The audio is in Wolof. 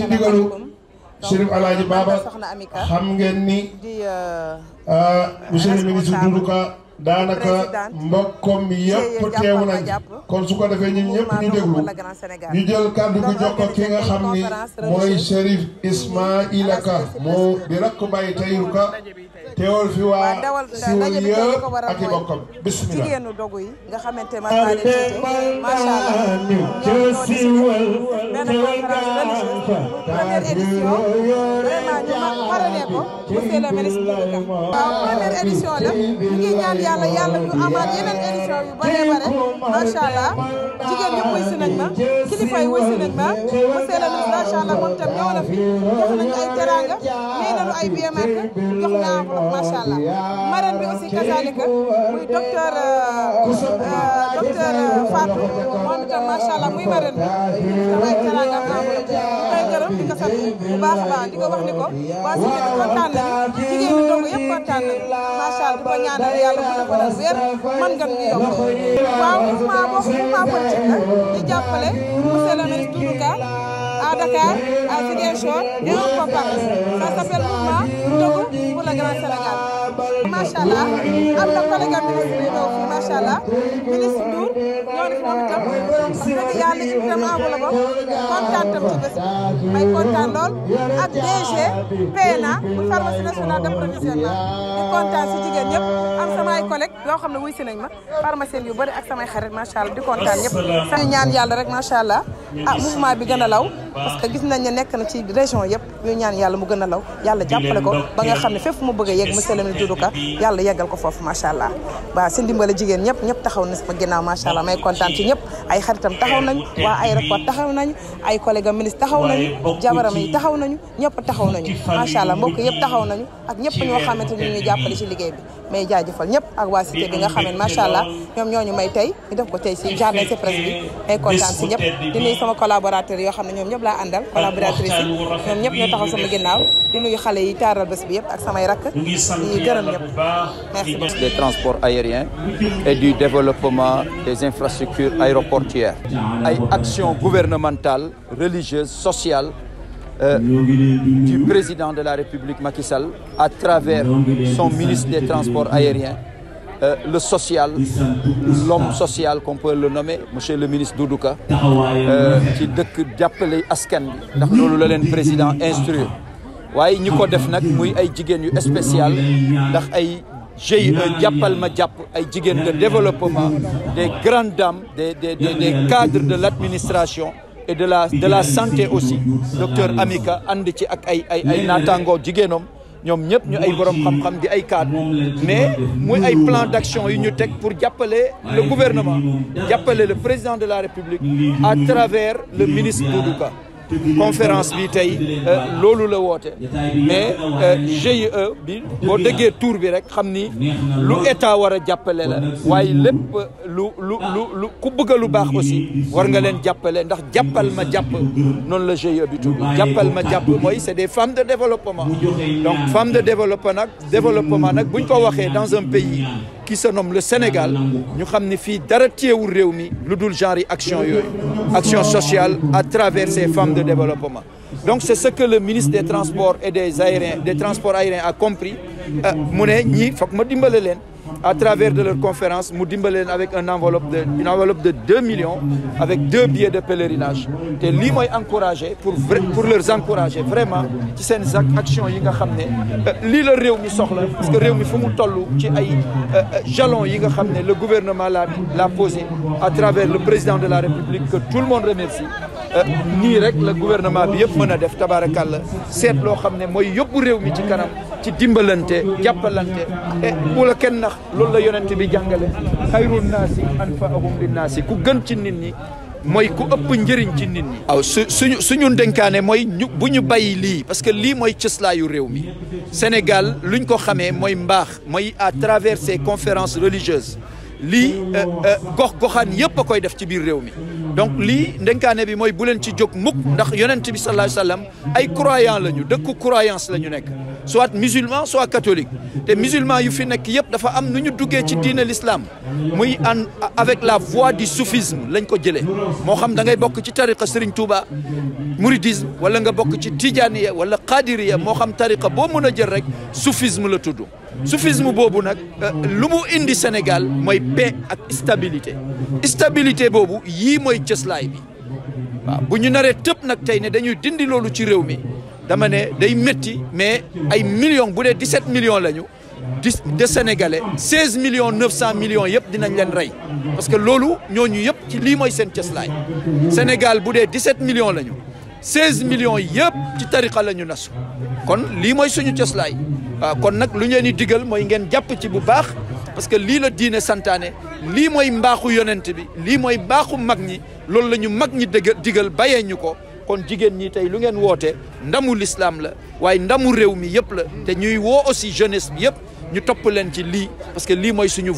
ci ndigalu Chérif Alaaji euh, Baba xam ngeen ni euh, euh, monsieur le ministre Doudou Ka daanaka mbokkom yëpp teewu nañ kon su ko defee ñun ñëpp ñu déglu ñu jël kàddu gu jox ko xam ni mooy Chérif Ismaïla Ka moo di rakk bàyyi Tahirou Ka teewal fi waa suur yëpp ak i bokkam bismillah jigéenu dogu yi nga xamante ma saa leen jiite macha allah ñoom ñoo disiwal benn conférence religieuse première édition vraiment ñu mag parale ko monsieur le ministre Doudou Ka waaw première édition la ñu ngi ñaan yàlla yàlla ñu amaat yeneen édition yu bare bare macha allah jigéen ñëpp wuy si nañ ma kilifa yi wuy si nañ ma monsieur le ministre macha allah moom tam ñëw na fi jox nañ ay teraanga may nañu ay biomarque jox na enveloppe macha allah marraine bi aussi kasaalika muy docteur euh, euh, docteur euh, Fatou moom itam macha allah muy marraine bi tam ay teraanga am enveloppe koy gërëm di ko sant bu baax a baax di ko wax ni ko waa si nekk kontaan nañu jigéen ñi dong yëpp kontaan nañu macha allah di ko ñaanal yàlla bu ñu ko def wér man gan ñu yokk waaw mouvement boobu mouvement politique la di jàppale monsieur le maire à Dakar, à Ziguinchor et un peu partout. Ça s'appelle Mouvement Togo pour le Grand Sénégal. ma allah am na collègue am ministre yi ñëw fii macha allah tam ci bés bi may kontaan lool ak DG PNA bu pharmacie si jigéen ñëpp xam ne wuy si nañ ma pharmacien yu bëri ak samay xarit macha allah di ñaan yàlla rek macha allah a ah, mouvement bi gën a law parce que gis nañ ne nekk na ci région yëpp ñu ñaan yàlla mu gën a law yàlla jàppale ko ba nga xam ne fépp mu bëgg a yegg monsieur le ministre Bassirou Ka yàlla yeggal ko foofu macha allah waaw si ndimbala jigéen ñëpp ñëpp taxaw na sama ginnaaw macha allah may kontaan ci ñëpp ay xaritam taxaw nañu waa sama collaborateurs yoo xale yi taaral bés bi yëpp ak samay rakk des transports aériens et du développement des infrastructures aéroportuaires ay action gouvernementale, religieuse, sociale euh, du président de la République Macky Sall à travers son ministre des transports aériens euh, le social l'homme social qu'on peut le nommer monsieur le ministre Doudouka, euh, qui ci d'appeler le président instruit waaye nous ko def des muy ay jigéen yu spécial ndax ay ma de développement des grandes dames des des des cadres de l'administration et de la de la santé aussi docteur Amika Andeti ci ak ay ay ay naataangoo jigéenam ñoom ñu ay cadre mais muy ay plan d'action pour appeler le gouvernement appeler le président de la République à travers le ministre du conférence bi tay euh, loolu la mais euh, GIE bi tour bi rek xamni lu état wara a la euh, lu lu aussi war nga e c'est des femmes de développement donc femmes de développement développement nak buñ ko dans un pays qui se nomme le Sénégal ñu fi dara action action sociale à travers ces femmes de développement. Donc c'est ce que le ministre des Transports et des Aériens, des Transports aériens a compris. Euh, à travers de leur conférence mu avec une enveloppe de 2 millions avec deux billets de pèlerinage et lui m'a encourager pour pour leur encourager vraiment c'est une action yi nga xam ne euh, le mi parce que réew mi fu mu ci ay euh, euh, jalons yi nga le gouvernement l'a posé à travers le président de la République que tout le monde remercie nous, le gouvernement bi yëpp a def ci dimbalante jàppalante e bu la kenn nax loolu la yonent bi jàngale xayrun naasi anfaahum linnaasi ku gën ci nit ñi mooy ku ëpp njëriñ ci nit ñi aw suñu suñu dénkaane mooy ñu bu ñu bàyyi lii parce que lii mooy cëslaayu réew mi Sénégal luñ ko xamee mooy mbaax mooy à travers ces conférences religieuses li eh, eh, gox goxaan yep koy def ci bir rewmi donc li ndenkané bi moy bu len ci jog mukk ndax yonent bi sallallahu alayhi wasallam ay croyants lañu dekk croyance lañu nek soit musulman soit catholique té musulman yu fi nek yep dafa am nuñu duggé ci diine l'islam muy avec la voie du soufisme lañ ko jëlé mo xam da ngay bok ci tariqa Serigne Touba mouridisme wala nga bok ci tijaniya wala qadiriyya mo xam tariqa bo meuna jël rek soufisme la tudd soufisme boobu nag euh, lu mu indi Sénégal mooy paix ak stabilité stabilité boobu yii mooy cëslaay bi waaw bu ñu naree tëb nag tey ne dañuy dindi loolu ci réew mi dama ne day métti mais ay million bu dee 17 millions lañu di de sénégalais 16 millions 900 millions yëpp dinañ leen rey parce que loolu ñooñu yëpp ci lii mooy seen cëslaay Sénégal bu dee 17 millions lañu. 16 millions yep ci tariqa lañu kon lii mooy suñu kon digal ngeen ci bu parce que lii la diine santaane lii mooy mbaaxu yonent bi lii mooy mag ñi loolu digal ko kon jigéen ñi tey lu ngeen ndamu lislaam la waaye ndamu réew mi nous la te ñuy aussi jeunesse bi ñu topp leen parce que lii mooy suñu